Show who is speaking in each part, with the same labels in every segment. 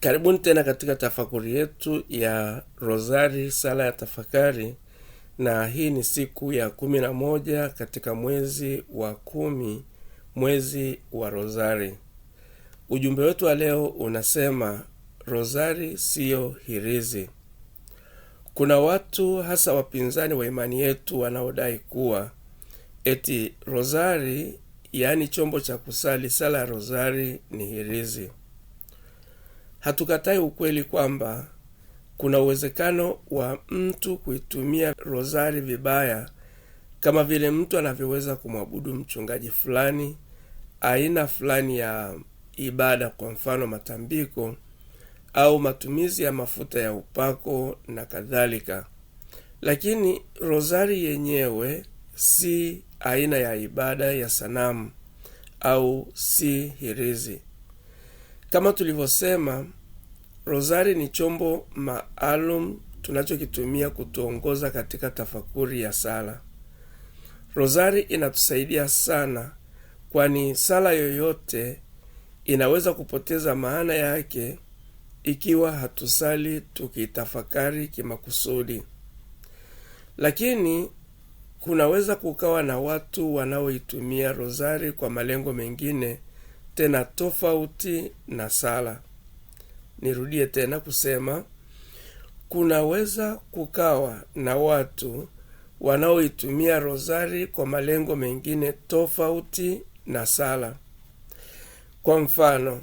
Speaker 1: Karibuni tena katika tafakuri yetu ya rosari sala ya tafakari, na hii ni siku ya kumi na moja katika mwezi wa kumi, mwezi wa rosari Ujumbe wetu wa leo unasema rosari siyo hirizi. Kuna watu hasa wapinzani wa imani yetu wanaodai kuwa eti rosari yaani chombo cha kusali sala ya rosari ni hirizi. Hatukatai ukweli kwamba kuna uwezekano wa mtu kuitumia rozari vibaya, kama vile mtu anavyoweza kumwabudu mchungaji fulani, aina fulani ya ibada, kwa mfano matambiko au matumizi ya mafuta ya upako na kadhalika. Lakini rozari yenyewe si aina ya ibada ya sanamu au si hirizi. Kama tulivyosema, rosari ni chombo maalum tunachokitumia kutuongoza katika tafakuri ya sala. rosari inatusaidia sana, kwani sala yoyote inaweza kupoteza maana yake ikiwa hatusali tukitafakari kimakusudi. Lakini kunaweza kukawa na watu wanaoitumia rosari kwa malengo mengine tena tofauti na sala. Nirudie tena kusema kunaweza kukawa na watu wanaoitumia rozari kwa malengo mengine tofauti na sala. Kwa mfano,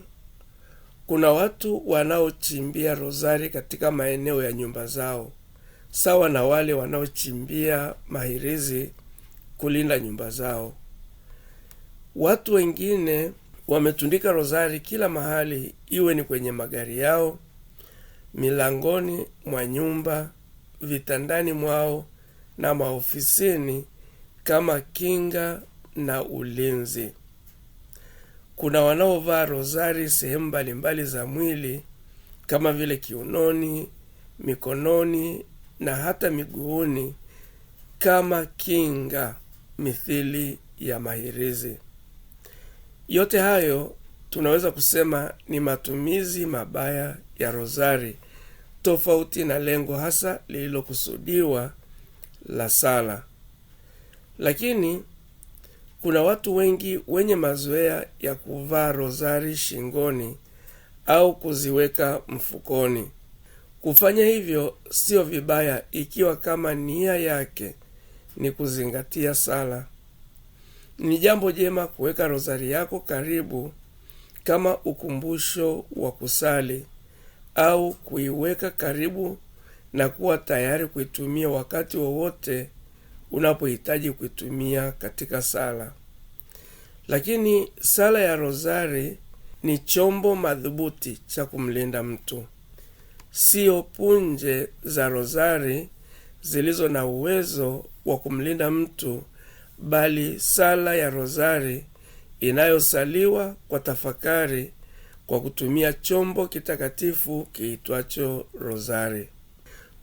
Speaker 1: kuna watu wanaochimbia rozari katika maeneo ya nyumba zao, sawa na wale wanaochimbia mahirizi kulinda nyumba zao. Watu wengine wametundika rozari kila mahali, iwe ni kwenye magari yao, milangoni mwa nyumba, vitandani mwao na maofisini, kama kinga na ulinzi. Kuna wanaovaa rozari sehemu mbalimbali za mwili kama vile kiunoni, mikononi na hata miguuni kama kinga mithili ya mahirizi. Yote hayo tunaweza kusema ni matumizi mabaya ya rozari, tofauti na lengo hasa lililokusudiwa la sala. Lakini kuna watu wengi wenye mazoea ya kuvaa rozari shingoni au kuziweka mfukoni. Kufanya hivyo sio vibaya ikiwa kama nia yake ni kuzingatia sala. Ni jambo jema kuweka rozari yako karibu kama ukumbusho wa kusali au kuiweka karibu na kuwa tayari kuitumia wakati wowote unapohitaji kuitumia katika sala. Lakini sala ya rozari ni chombo madhubuti cha kumlinda mtu, siyo punje za rozari zilizo na uwezo wa kumlinda mtu bali sala ya rozari inayosaliwa kwa tafakari kwa kutumia chombo kitakatifu kiitwacho rozari.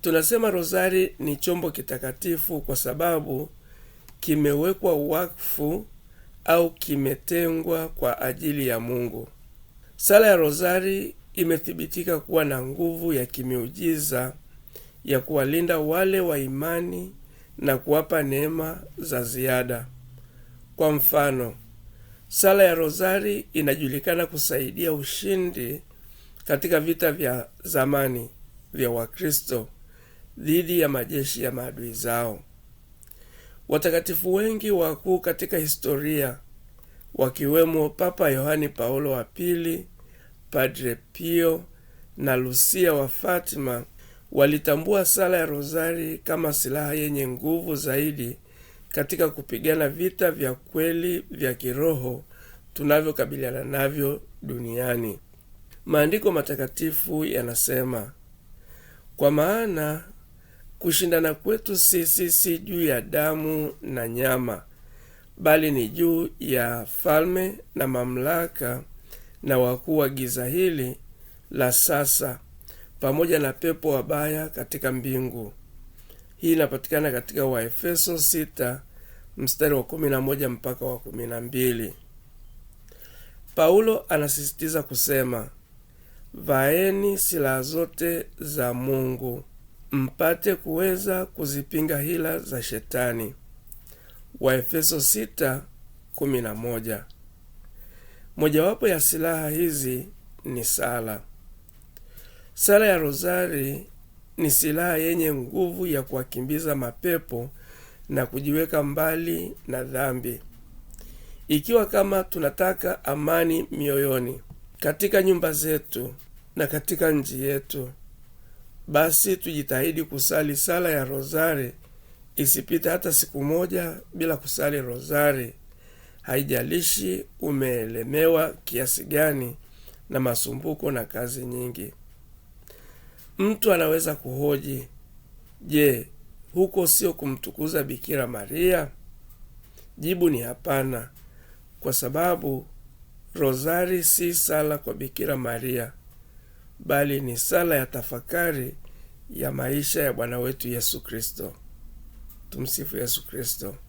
Speaker 1: Tunasema rozari ni chombo kitakatifu kwa sababu kimewekwa wakfu au kimetengwa kwa ajili ya Mungu. Sala ya rozari imethibitika kuwa na nguvu ya kimiujiza ya kuwalinda wale wa imani na kuwapa neema za ziada. Kwa mfano, sala ya Rozari inajulikana kusaidia ushindi katika vita vya zamani vya Wakristo dhidi ya majeshi ya maadui zao. Watakatifu wengi wakuu katika historia wakiwemo Papa Yohani Paulo wa Pili, Padre Pio na Lusia wa Fatima walitambua sala ya rosari kama silaha yenye nguvu zaidi katika kupigana vita vya kweli vya kiroho tunavyokabiliana navyo duniani. Maandiko matakatifu yanasema, kwa maana kushindana kwetu sisi si juu ya damu na nyama, bali ni juu ya falme na mamlaka na wakuu wa giza hili la sasa pamoja na pepo wabaya katika mbingu. Hii inapatikana katika Waefeso 6 mstari wa 11 mpaka wa 12. Paulo anasisitiza kusema, vaeni silaha zote za Mungu mpate kuweza kuzipinga hila za shetani. Waefeso 6:11. Mojawapo ya silaha hizi ni sala. Sala ya Rozari ni silaha yenye nguvu ya kuwakimbiza mapepo na kujiweka mbali na dhambi. Ikiwa kama tunataka amani mioyoni, katika nyumba zetu na katika nchi yetu, basi tujitahidi kusali sala ya Rozari. Isipite hata siku moja bila kusali Rozari, haijalishi umeelemewa kiasi gani na masumbuko na kazi nyingi. Mtu anaweza kuhoji, je, huko sio kumtukuza Bikira Maria? Jibu ni hapana, kwa sababu rozari si sala kwa Bikira Maria, bali ni sala ya tafakari ya maisha ya Bwana wetu Yesu Kristo. Tumsifu Yesu Kristo.